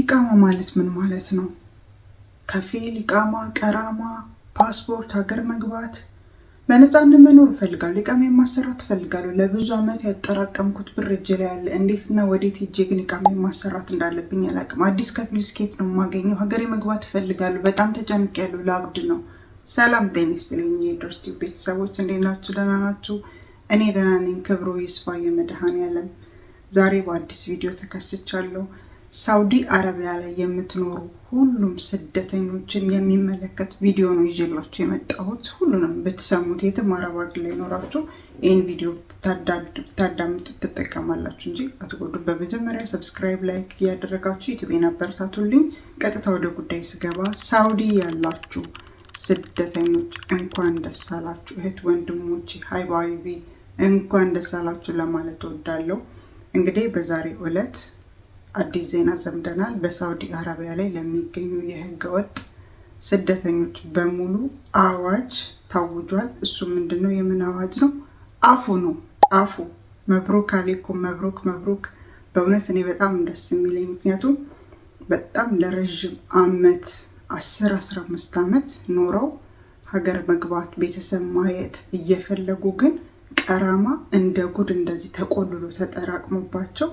ኢቃማ ማለት ምን ማለት ነው? ከፊል ኢቃማ፣ ቀራማ፣ ፓስፖርት፣ ሀገር መግባት በነፃነት መኖር እፈልጋለሁ። ኢቃማ ማሰራት እፈልጋለሁ። ለብዙ ዓመት ያጠራቀምኩት ብር እጅ ላይ ያለ፣ እንዴትና ወዴት ሄጄ ግን ኢቃማ ማሰራት እንዳለብኝ ያላቅም አዲስ ከፊል ስኬት ነው የማገኘው። ሀገር መግባት እፈልጋለሁ። በጣም ተጨንቄያለሁ። ለአብድ ነው። ሰላም ጤና ይስጥልኝ የዶርቲ ቤተሰቦች እንዴት ናችሁ? ደህና ናችሁ? እኔ ደህና ነኝ። ክብሩ ይስፋ የመድኃኔዓለም። ዛሬ በአዲስ ቪዲዮ ተከስቻለሁ። ሳውዲ አረቢያ ላይ የምትኖሩ ሁሉም ስደተኞችን የሚመለከት ቪዲዮ ነው ይዤላችሁ የመጣሁት። ሁሉንም ብትሰሙት የትም አረብ አገር ላይ ኖራችሁ ይህን ቪዲዮ ብታዳምጡት ትጠቀማላችሁ እንጂ አትጎዱ። በመጀመሪያ ሰብስክራይብ፣ ላይክ እያደረጋችሁ ዩቲዩቤን አበረታቱልኝ። ቀጥታ ወደ ጉዳይ ስገባ ሳውዲ ያላችሁ ስደተኞች እንኳን ደስ አላችሁ። እህት ወንድሞች፣ ሀይባዊ እንኳን ደስ አላችሁ ለማለት እወዳለሁ። እንግዲህ በዛሬው ዕለት አዲስ ዜና ዘምደናል። በሳውዲ አረቢያ ላይ ለሚገኙ የህገወጥ ስደተኞች በሙሉ አዋጅ ታውጇል። እሱ ምንድን ነው? የምን አዋጅ ነው? አፉ ነው አፉ። መብሩክ አሌኩም፣ መብሩክ መብሩክ። በእውነት እኔ በጣም ደስ የሚለኝ ምክንያቱም በጣም ለረዥም አመት አስር አስራ አምስት አመት ኖረው ሀገር መግባት ቤተሰብ ማየት እየፈለጉ ግን ቀራማ እንደ ጉድ እንደዚህ ተቆልሎ ተጠራቅሞባቸው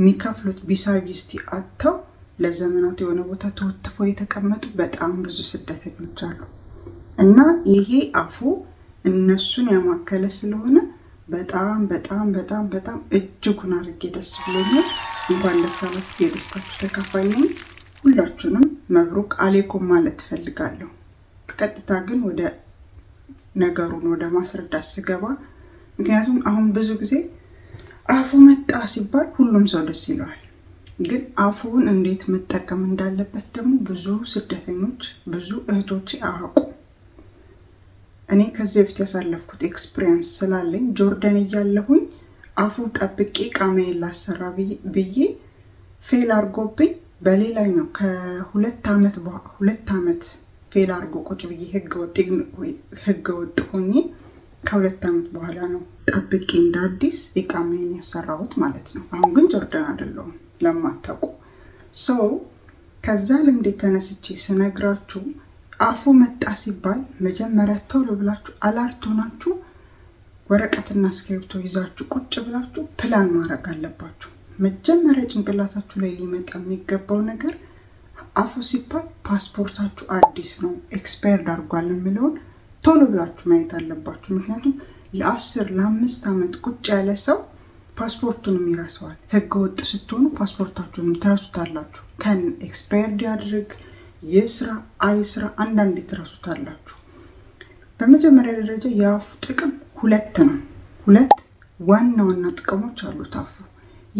የሚከፍሉት ቢሳቢስቲ አጥተው ለዘመናት የሆነ ቦታ ተወትፈው የተቀመጡ በጣም ብዙ ስደተኞች አሉ እና ይሄ አፉ እነሱን ያማከለ ስለሆነ በጣም በጣም በጣም በጣም እጅጉን አድርጌ ደስ ብሎኛል። እንኳን ለሰባት የደስታችሁ ተካፋይ ነኝ። ሁላችሁንም መብሩክ አሌኩም ማለት ትፈልጋለሁ። ቀጥታ ግን ወደ ነገሩን ወደ ማስረዳት ስገባ ምክንያቱም አሁን ብዙ ጊዜ አፉ መጣ ሲባል ሁሉም ሰው ደስ ይለዋል። ግን አፉን እንዴት መጠቀም እንዳለበት ደግሞ ብዙ ስደተኞች ብዙ እህቶች አያውቁ። እኔ ከዚህ በፊት ያሳለፍኩት ኤክስፒሪየንስ ስላለኝ ጆርደን እያለሁኝ አፉ ጠብቄ ቃሜን ላሰራ ብዬ ፌል አድርጎብኝ በሌላኛው ከሁለት ዓመት ሁለት ዓመት ፌል አድርጎ ቁጭ ብዬ ህገወጥ ሆኜ ከሁለት ዓመት በኋላ ነው ጠብቄ እንደ አዲስ ኢቃሜን ያሰራሁት ማለት ነው። አሁን ግን ጆርዳን አይደለሁም ለማታውቁ ሰው። ከዛ ልምድ የተነስቼ ስነግራችሁ አፉ መጣ ሲባል መጀመሪያ ቶሎ ብላችሁ አላርቶ ናችሁ ወረቀትና እስክሪብቶ ይዛችሁ ቁጭ ብላችሁ ፕላን ማድረግ አለባችሁ። መጀመሪያ ጭንቅላታችሁ ላይ ሊመጣ የሚገባው ነገር አፉ ሲባል ፓስፖርታችሁ አዲስ ነው ኤክስፓየርድ አድርጓል የሚለውን ቶሎ ብላችሁ ማየት አለባችሁ። ምክንያቱም ለአስር ለአምስት ዓመት ቁጭ ያለ ሰው ፓስፖርቱንም ይረሳዋል። ህገ ወጥ ስትሆኑ ፓስፖርታችሁንም ትረሱታላችሁ። ከን ኤክስፓየርድ ያድርግ የስራ አይስራ አንዳንዴ ትረሱታላችሁ። በመጀመሪያ ደረጃ የአፉ ጥቅም ሁለት ነው። ሁለት ዋና ዋና ጥቅሞች አሉት አፉ።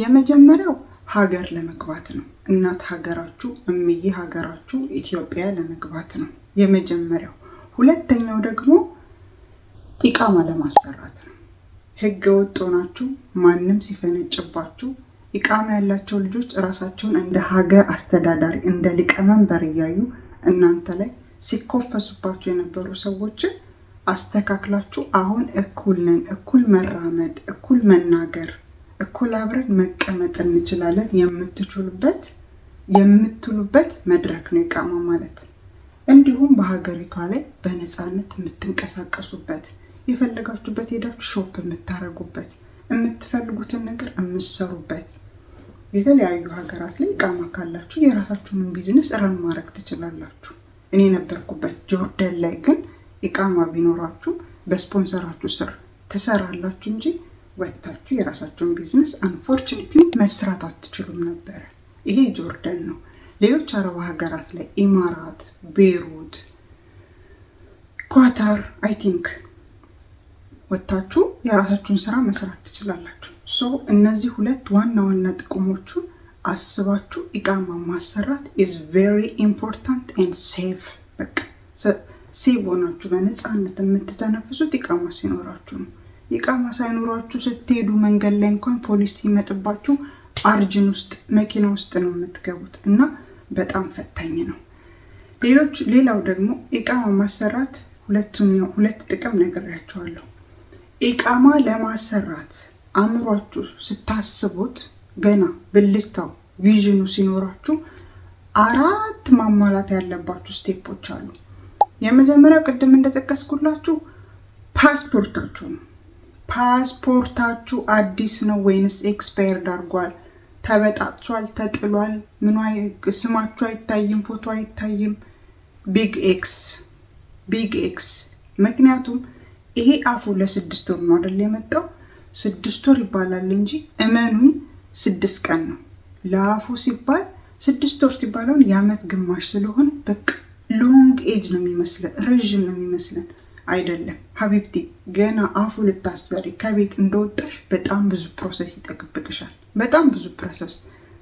የመጀመሪያው ሀገር ለመግባት ነው። እናት ሀገራችሁ እምዬ ሀገራችሁ ኢትዮጵያ ለመግባት ነው የመጀመሪያው ሁለተኛው ደግሞ ኢቃማ ለማሰራት ነው። ህገ ወጥ ሆናችሁ ማንም ሲፈነጭባችሁ ኢቃማ ያላቸው ልጆች እራሳቸውን እንደ ሀገር አስተዳዳሪ እንደ ሊቀመንበር እያዩ እናንተ ላይ ሲኮፈሱባቸው የነበሩ ሰዎችን አስተካክላችሁ አሁን እኩል ነን፣ እኩል መራመድ፣ እኩል መናገር፣ እኩል አብረን መቀመጥ እንችላለን የምትችሉበት የምትሉበት መድረክ ነው ኢቃማ ማለት። እንዲሁም በሀገሪቷ ላይ በነፃነት የምትንቀሳቀሱበት የፈለጋችሁበት ሄዳችሁ ሾፕ የምታረጉበት የምትፈልጉትን ነገር የምትሰሩበት የተለያዩ ሀገራት ላይ እቃማ ካላችሁ የራሳችሁን ቢዝነስ ረን ማድረግ ትችላላችሁ። እኔ ነበርኩበት ጆርደን ላይ ግን እቃማ ቢኖራችሁ በስፖንሰራችሁ ስር ትሰራላችሁ እንጂ ወጥታችሁ የራሳችሁን ቢዝነስ አንፎርችኔትሊ መስራት አትችሉም ነበረ። ይሄ ጆርደን ነው። ሌሎች አረብ ሀገራት ላይ ኢማራት፣ ቤሩት፣ ኳታር አይ ቲንክ ወጥታችሁ የራሳችሁን ስራ መስራት ትችላላችሁ። ሶ እነዚህ ሁለት ዋና ዋና ጥቅሞቹን አስባችሁ ኢቃማ ማሰራት ኢዝ ቬሪ ኢምፖርታንት ኤንድ ሴቭ በቃ ሴቭ ሆናችሁ በነፃነት የምትተነፍሱት ኢቃማ ሲኖራችሁ ነው። ይቃማ ሳይኖራችሁ ስትሄዱ መንገድ ላይ እንኳን ፖሊስ ሲመጥባችሁ አርጅን ውስጥ መኪና ውስጥ ነው የምትገቡት እና በጣም ፈታኝ ነው። ሌሎች ሌላው ደግሞ ኢቃማ ማሰራት ሁለት ጥቅም ነግሬያቸዋለሁ። ኢቃማ ለማሰራት አእምሯችሁ ስታስቡት ገና ብልታው ቪዥኑ ሲኖራችሁ አራት ማሟላት ያለባችሁ ስቴፖች አሉ። የመጀመሪያው ቅድም እንደጠቀስኩላችሁ ፓስፖርታችሁ ነው። ፓስፖርታችሁ አዲስ ነው ወይንስ ኤክስፓየርድ አድርጓል? ተበጣጥሷል፣ ተጥሏል። ምኗ ስማችሁ አይታይም፣ ፎቶ አይታይም። ቢግ ኤክስ ቢግ ኤክስ። ምክንያቱም ይሄ አፉ ለስድስት ወር ነው አይደል የመጣው። ስድስት ወር ይባላል እንጂ እመኑኝ ስድስት ቀን ነው ለአፉ ሲባል ስድስት ወር ሲባለውን የአመት ግማሽ ስለሆነ በቃ ሎንግ ኤጅ ነው የሚመስለን፣ ረዥም ነው የሚመስለን። አይደለም ሀቢብቲ ገና አፉ ልታሰሪ ከቤት እንደወጣሽ በጣም ብዙ ፕሮሰስ ይጠብቅሻል። በጣም ብዙ ፕሮሰስ።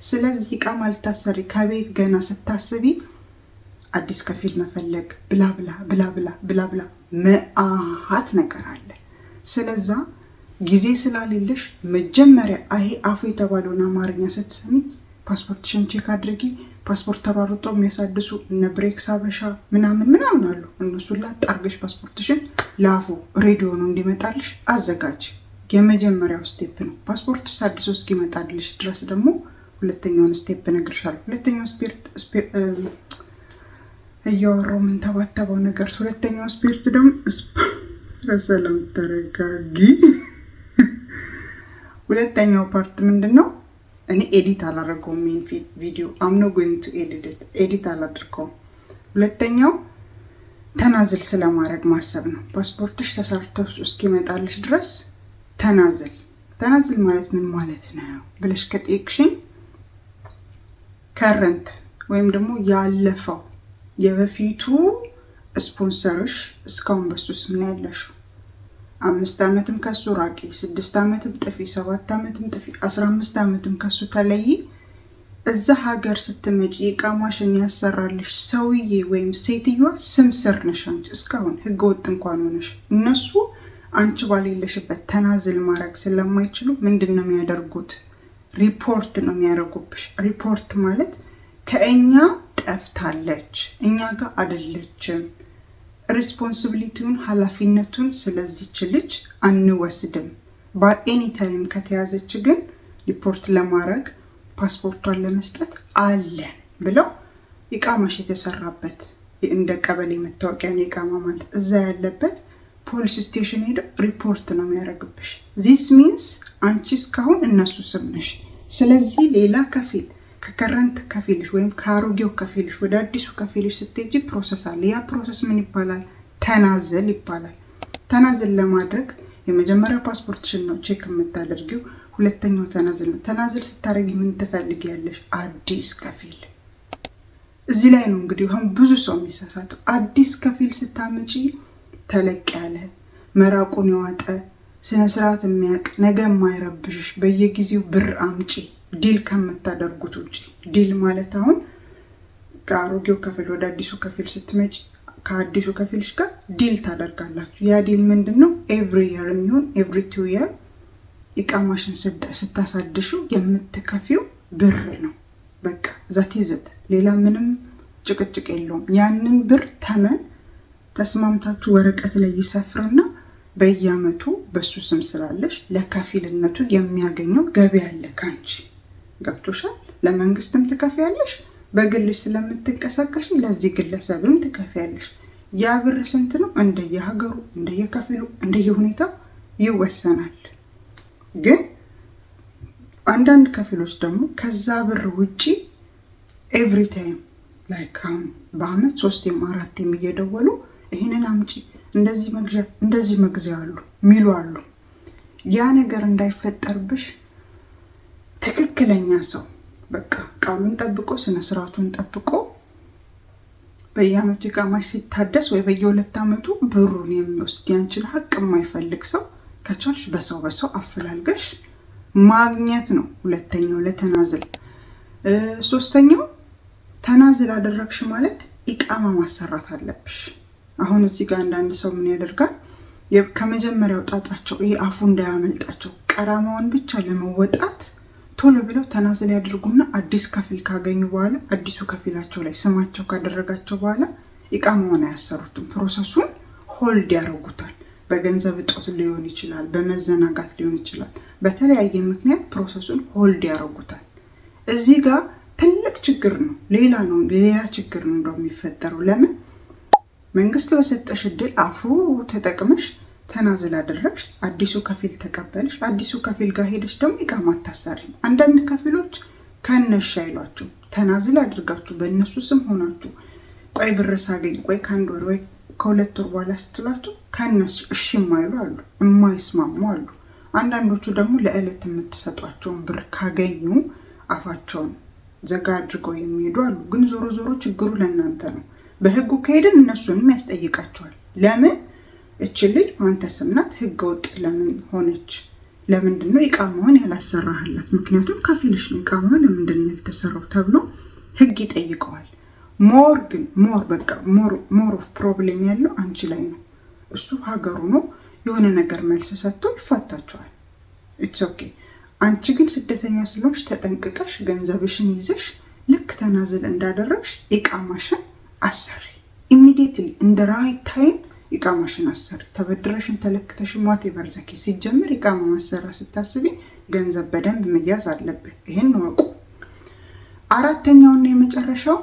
ስለዚህ እቃማ ልታሰሪ ከቤት ገና ስታስቢ አዲስ ከፊል መፈለግ ብላብላ ብላብላ ብላብላ መአሃት ነገር አለ። ስለዛ ጊዜ ስላሌለሽ መጀመሪያ አሄ አፉ የተባለውን አማርኛ ስትሰሚ ፓስፖርትሽን ቼክ አድርጊ። ፓስፖርት ተሯርጦ የሚያሳድሱ እነ ብሬክስ ሳበሻ ምናምን ምናምን አሉ። እነሱን ላጥ ፓስፖርትሽን ላፎ ሬዲዮ ነው እንዲመጣልሽ አዘጋጅ። የመጀመሪያው ስቴፕ ነው። ፓስፖርት ታድሶ እስኪመጣልሽ ድረስ ደግሞ ሁለተኛውን ስቴፕ እነግርሻለሁ። ሁለተኛው ስፒሪት እያወራው ምን ተባተበው ነገር ሁለተኛው ስፒሪት ደግሞ ረሰለም ተረጋጊ። ሁለተኛው ፓርት ምንድን ነው? እኔ ኤዲት አላደረገውም። ይህን ቪዲዮ አምኖ ጎኝቱ ኤዲት አላደርገውም። ሁለተኛው ተናዝል ስለማድረግ ማሰብ ነው። ፓስፖርትሽ ተሰርቶ እስኪመጣልሽ ድረስ ተናዝል ተናዝል ማለት ምን ማለት ነው ብለሽ ከጠየቅሽኝ ከረንት ወይም ደግሞ ያለፈው የበፊቱ ስፖንሰርሽ እስካሁን በሱ ስም ነው ያለሽው አምስት ዓመትም ከሱ ራቂ፣ ስድስት ዓመትም ጥፊ፣ ሰባት ዓመትም ጥፊ፣ አስራ አምስት ዓመትም ከሱ ተለይ። እዛ ሀገር ስትመጪ የቃማሽን ያሰራልሽ ሰውዬ ወይም ሴትዮዋ ስም ስር ነሽ። አንቺ እስካሁን ህገ ወጥ እንኳን ሆነሽ እነሱ አንቺ ባሌለሽበት ተናዝል ማድረግ ስለማይችሉ ምንድን ነው የሚያደርጉት? ሪፖርት ነው የሚያደርጉብሽ። ሪፖርት ማለት ከእኛ ጠፍታለች፣ እኛ ጋር አይደለችም ሪስፖንሲቢሊቲውን ኃላፊነቱን ስለዚች ልጅ አንወስድም። በኤኒታይም ከተያዘች ግን ሪፖርት ለማድረግ ፓስፖርቷን ለመስጠት አለን ብለው ኢቃማሽ የተሰራበት እንደ ቀበሌ መታወቂያ ነው ማለት እዛ ያለበት ፖሊስ ስቴሽን ሄደው ሪፖርት ነው የሚያደርግብሽ። ዚስ ሚንስ አንቺ እስካሁን እነሱ ስም ነሽ። ስለዚህ ሌላ ከፊል ከከረንት ከፊልሽ ወይም ከአሮጌው ከፊልሽ ወደ አዲሱ ከፊልሽ ስትሄጂ ፕሮሰስ አለ። ያ ፕሮሰስ ምን ይባላል? ተናዘል ይባላል። ተናዘል ለማድረግ የመጀመሪያው ፓስፖርትሽን ነው ቼክ የምታደርጊው። ሁለተኛው ተናዘል ነው። ተናዘል ስታደርጊ ምን ትፈልጊያለሽ? አዲስ ከፊል። እዚህ ላይ ነው እንግዲህ አሁን ብዙ ሰው የሚሳሳተው። አዲስ ከፊል ስታመጪ ተለቅ ያለ መራቁን የዋጠ ስነስርዓት የሚያውቅ ነገ የማይረብሽሽ በየጊዜው ብር አምጪ ዲል ከምታደርጉት ውጭ ዲል ማለት አሁን ከአሮጌው ክፍል ወደ አዲሱ ክፍል ስትመጪ ከአዲሱ ክፍልሽ ጋር ዲል ታደርጋላችሁ። ያ ዲል ምንድን ነው? ኤቭሪ የር የሚሆን ኤቭሪ ቱ የር ኢቃማሽን ስታሳድሹ የምትከፊው ብር ነው። በቃ ይዘት ሌላ ምንም ጭቅጭቅ የለውም። ያንን ብር ተመን ተስማምታችሁ ወረቀት ላይ ይሰፍርና በየአመቱ በሱ ስም ስላለሽ ለከፊልነቱ የሚያገኘው ገቢ አለ ከአንቺ ገብቶሻል? ለመንግስትም ትከፍያለሽ፣ በግልሽ ስለምትንቀሳቀሽ ለዚህ ግለሰብም ትከፍያለሽ። ያ ብር ስንት ነው? እንደየሀገሩ፣ እንደየከፊሉ፣ እንደየሁኔታው ይወሰናል። ግን አንዳንድ ከፊሎች ደግሞ ከዛ ብር ውጪ ኤቭሪ ታይም ላይክ አሁን በአመት ሶስቴም አራቴም እየደወሉ ይህንን አምጪ፣ እንደዚህ መግዣ፣ እንደዚህ መግዣ አሉ ሚሉ አሉ። ያ ነገር እንዳይፈጠርብሽ ትክክለኛ ሰው በቃ ቃሉን ጠብቆ ስነስርዓቱን ጠብቆ በየአመቱ የቃማሽ ሲታደስ ወይ በየሁለት አመቱ ብሩን የሚወስድ ያንችን ሀቅ የማይፈልግ ሰው ከቻልሽ በሰው በሰው አፈላልገሽ ማግኘት ነው። ሁለተኛው ለተናዝል። ሶስተኛው ተናዝል አደረግሽ ማለት ኢቃማ ማሰራት አለብሽ። አሁን እዚህ ጋር አንዳንድ ሰው ምን ያደርጋል? ከመጀመሪያው ጣጣቸው ይሄ አፉ እንዳያመልጣቸው ቀራማውን ብቻ ለመወጣት ቶሎ ብለው ተናዘል ያድርጉና አዲስ ከፊል ካገኙ በኋላ አዲሱ ከፊላቸው ላይ ስማቸው ካደረጋቸው በኋላ እቃ መሆን አያሰሩትም። ፕሮሰሱን ሆልድ ያደርጉታል። በገንዘብ እጦት ሊሆን ይችላል፣ በመዘናጋት ሊሆን ይችላል። በተለያየ ምክንያት ፕሮሰሱን ሆልድ ያደርጉታል። እዚህ ጋር ትልቅ ችግር ነው። ሌላ ነው ሌላ ችግር ነው የሚፈጠረው ለምን መንግስት በሰጠሽ እድል አፍሩ ተጠቅመሽ ተናዝል አደረግሽ፣ አዲሱ ከፊል ተቀበልሽ፣ አዲሱ ከፊል ጋር ሄደሽ ደግሞ ኢቃማ አታሳሪ። አንዳንድ ከፊሎች ከነሽ አይሏችሁ ተናዝል አድርጋችሁ በእነሱ ስም ሆናችሁ ቆይ ብር ሳገኝ ቆይ ከአንድ ወር ወይ ከሁለት ወር በኋላ ስትሏቸው ከነሱ እሺ የማይሉ አሉ፣ የማይስማሙ አሉ። አንዳንዶቹ ደግሞ ለዕለት የምትሰጧቸውን ብር ካገኙ አፋቸውን ዘጋ አድርገው የሚሄዱ አሉ። ግን ዞሮ ዞሮ ችግሩ ለእናንተ ነው። በህጉ ከሄድን እነሱንም ያስጠይቃቸዋል። ለምን እች ልጅ በአንተ ስም ናት፣ ህገ ወጥ ለምን ሆነች? ለምንድን ነው ኢቃማዋን ያላሰራህላት? ምክንያቱም ከፊልሽ ነው ኢቃማዋ ለምንድን ነው ተብሎ ህግ ይጠይቀዋል። ሞር ግን ሞር በቃ ሞር ኦፍ ፕሮብሌም ያለው አንቺ ላይ ነው። እሱ ሀገሩ ነው የሆነ ነገር መልስ ሰጥቶ ይፋታቸዋል። ኢትስ ኦኬ። አንቺ ግን ስደተኛ ስለሆንሽ ተጠንቅቀሽ ገንዘብሽን ይዘሽ ልክ ተናዝል እንዳደረግሽ ኢቃማሽን አሰሪ ኢሚዲየትሊ እንደ ራይት ታይም ኢቃማሽን አሰሪ ተበድረሽን ተለክተሽን ዋቴቨር ዘኬ ሲጀምር ኢቃማ ማሰራ ስታስቢ ገንዘብ በደንብ መያዝ አለበት። ይህን ወቁ። አራተኛውና የመጨረሻው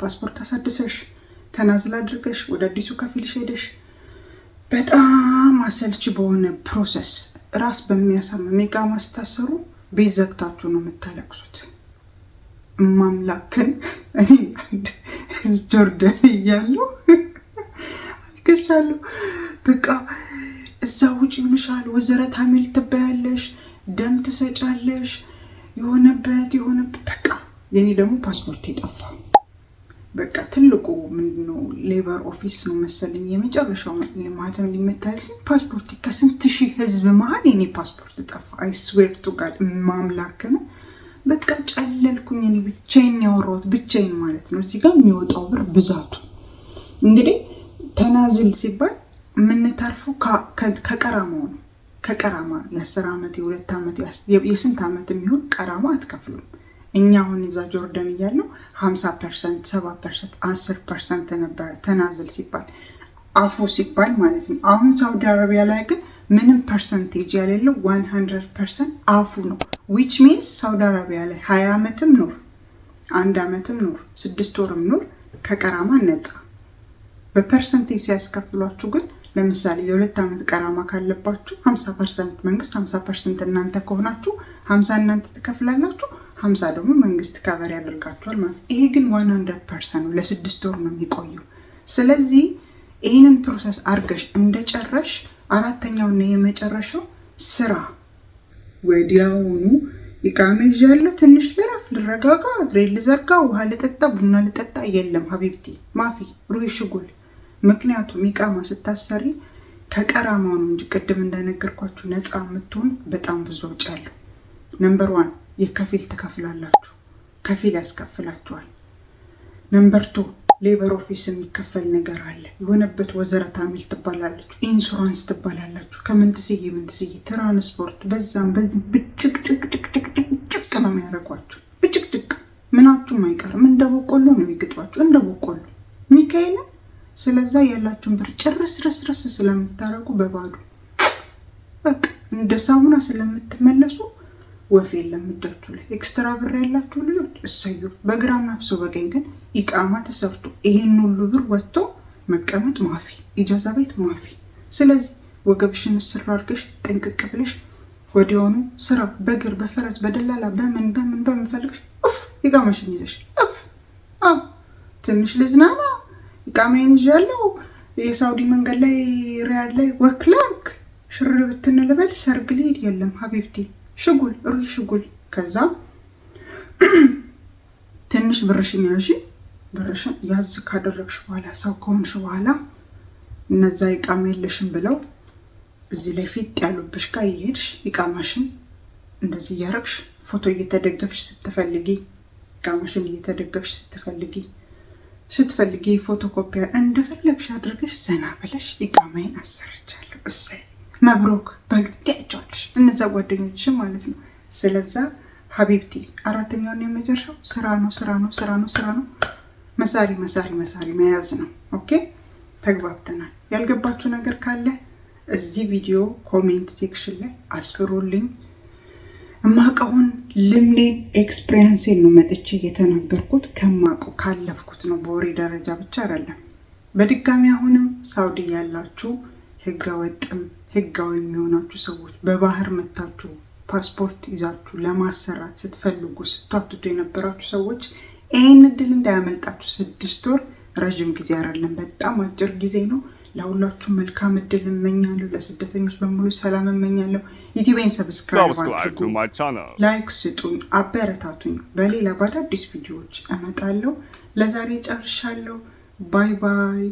ፓስፖርት አሳድሰሽ ተናዝል አድርገሽ ወደ አዲሱ ከፊልሽ ሄደሽ በጣም አሰልች በሆነ ፕሮሰስ ራስ በሚያሳምም ኢቃማ ስታሰሩ ቤት ዘግታችሁ ነው የምታለቅሱት። እማምላክን እኔ ጆርደን እያለሁ ክሻለሁ በቃ እዛ ውጭ ይሉሻል። ወዘረት አሜል ትበያለሽ፣ ደም ትሰጫለሽ፣ የሆነበት የሆነበት በቃ የኔ ደግሞ ፓስፖርት የጠፋ በቃ ትልቁ ምንድነው ሌበር ኦፊስ ነው መሰለኝ የመጨረሻው ማህተም ሊመታልስ ፓስፖርት ከስንት ሺህ ህዝብ መሀል የኔ ፓስፖርት ጠፋ። አይስዌር ቱ ጋድ ማምላክ ነው። በቃ ጨለልኩኝ። እኔ ብቻዬን ያወራሁት ብቻዬን ማለት ነው። እዚህ ጋር የሚወጣው ብር ብዛቱ እንግዲህ ተናዝል ሲባል የምንተርፈው ከቀራማው ነው። ከቀራማ የአስር ዓመት የሁለት ዓመት የስንት ዓመት የሚሆን ቀራማ አትከፍሉም። እኛ አሁን እዛ ጆርደን እያለው ሀምሳ ፐርሰንት ሰባ ፐርሰንት አስር ፐርሰንት ነበረ ተናዝል ሲባል አፉ ሲባል ማለት ነው። አሁን ሳውዲ አረቢያ ላይ ግን ምንም ፐርሰንቴጅ ያሌለው ዋን ሀንድረድ ፐርሰንት አፉ ነው። ዊች ሚንስ ሳውዲ አረቢያ ላይ ሀያ ዓመትም ኑር አንድ ዓመትም ኑር ስድስት ወርም ኑር ከቀራማ ነፃ በፐርሰንቴጅ ሲያስከፍሏችሁ ግን ለምሳሌ የሁለት ዓመት ቀራማ ካለባችሁ 50 ፐርሰንት መንግስት 50 ፐርሰንት እናንተ ከሆናችሁ 50 እናንተ ትከፍላላችሁ፣ 50 ደግሞ መንግስት ከቨር ያደርጋችኋል ማለት ነው። ይሄ ግን 100 ፐርሰንት ነው፣ ለስድስት ወር ነው የሚቆየው። ስለዚህ ይህንን ፕሮሰስ አርገሽ እንደጨረሽ አራተኛውና የመጨረሻው ስራ ወዲያውኑ ኢቃሜ ያለው ትንሽ ልረፍ፣ ልረጋጋ፣ እግሬን ልዘርጋ፣ ውሃ ልጠጣ፣ ቡና ልጠጣ፣ የለም ሀቢብቲ ማፊ ሩሂ ሽጉል ምክንያቱም ኢቃማ ስታሰሪ ከቀራማው ነው እንጂ ቅድም እንደነገርኳችሁ ነፃ የምትሆን በጣም ብዙ ወጪ አለው። ነምበር ዋን የከፊል ትከፍላላችሁ፣ ከፊል ያስከፍላችኋል። ነምበር ቱ ሌበር ኦፊስ የሚከፈል ነገር አለ። የሆነበት ወዘረት አሚል ትባላላችሁ፣ ኢንሹራንስ ትባላላችሁ። ከምንትስዬ ምንትስዬ ትራንስፖርት፣ በዛም በዚህ ብጭቅጭቅጭቅጭቅጭቅ ነው የሚያደርጓችሁ። ብጭቅጭቅ ምናችሁም አይቀርም። እንደ በቆሎ ነው የሚግጧችሁ፣ እንደ በቆሎ ሚካኤልም ስለዛ ያላችሁን ብር ጭርስ ርስርስ ስለምታረጉ በባዶ በቃ እንደ ሳሙና ስለምትመለሱ ወፍ የለም እጃችሁ ላይ። ኤክስትራ ብር ያላችሁ ልጆች እሰዩ፣ በግራም ናፍሶ በቀኝ ግን ኢቃማ ተሰርቶ ይህን ሁሉ ብር ወጥቶ መቀመጥ ማፊ፣ ኢጃዛ ቤት ማፊ። ስለዚህ ወገብሽን ስራ አድርገሽ ጥንቅቅ ብለሽ ወዲያውኑ ስራ በእግር በፈረስ በደላላ በምን በምን በምን ፈልግሽ ኢቃማሽን ይዘሽ ትንሽ ልዝናና ቃሜን ይዣለው የሳውዲ መንገድ ላይ ሪያድ ላይ ወክላርክ ሽር ብትን ልበል ሰርግ ሊሄድ የለም ሀቢብቲ ሽጉል ሩ ሽጉል ከዛ ትንሽ ብርሽን ያዥ ብርሽን ያዝ ካደረግሽ በኋላ ሰው ከሆንሽ በኋላ እነዛ ይቃማ የለሽም ብለው እዚህ ላይ ፊት ያሉብሽ ጋር እየሄድሽ ይቃማሽን እንደዚህ እያረግሽ ፎቶ እየተደገፍሽ ስትፈልጊ ይቃማሽን እየተደገፍሽ ስትፈልጊ ስትፈልጊ ኮፒያ እንደፈለግሽ አድርገሽ ዘና ብለሽ ኢቃማዬን አሰርቻለሁ። እሰይ መብሮክ በሉ ትያቸዋለሽ፣ እነዛ ጓደኞች ማለት ነው። ስለዛ ሀቢብቲ አራተኛውን የመጨረሻው ስራ ነው፣ ስራ ነው፣ ስራ ነው፣ ስራ ነው። መሳሪ መሳሪ መሳሪ መያዝ ነው። ኦኬ ተግባብተናል። ያልገባችሁ ነገር ካለ እዚህ ቪዲዮ ኮሜንት ሴክሽን ላይ አስፍሩልኝ። እማቀውን ልምኔ ኤክስፔሪንሴን ነው መጥቼ የተናገርኩት። ከማቀው ካለፍኩት ነው፣ በወሬ ደረጃ ብቻ አይደለም። በድጋሚ አሁንም ሳውዲ ያላችሁ ህገወጥም ህጋዊ የሚሆናችሁ ሰዎች በባህር መታችሁ ፓስፖርት ይዛችሁ ለማሰራት ስትፈልጉ ስትዋትቱ የነበራችሁ ሰዎች ይህን እድል እንዳያመልጣችሁ። ስድስት ወር ረዥም ጊዜ አይደለም፣ በጣም አጭር ጊዜ ነው። ለሁላችሁ መልካም እድል እመኛለሁ። ለስደተኞች በሙሉ ሰላም እመኛለሁ። ዩቲዩቤን ሰብስክራይብ ላይክ ስጡኝ፣ አበረታቱኝ። በሌላ በአዳዲስ ቪዲዮዎች እመጣለሁ። ለዛሬ ጨርሻለሁ። ባይ ባይ።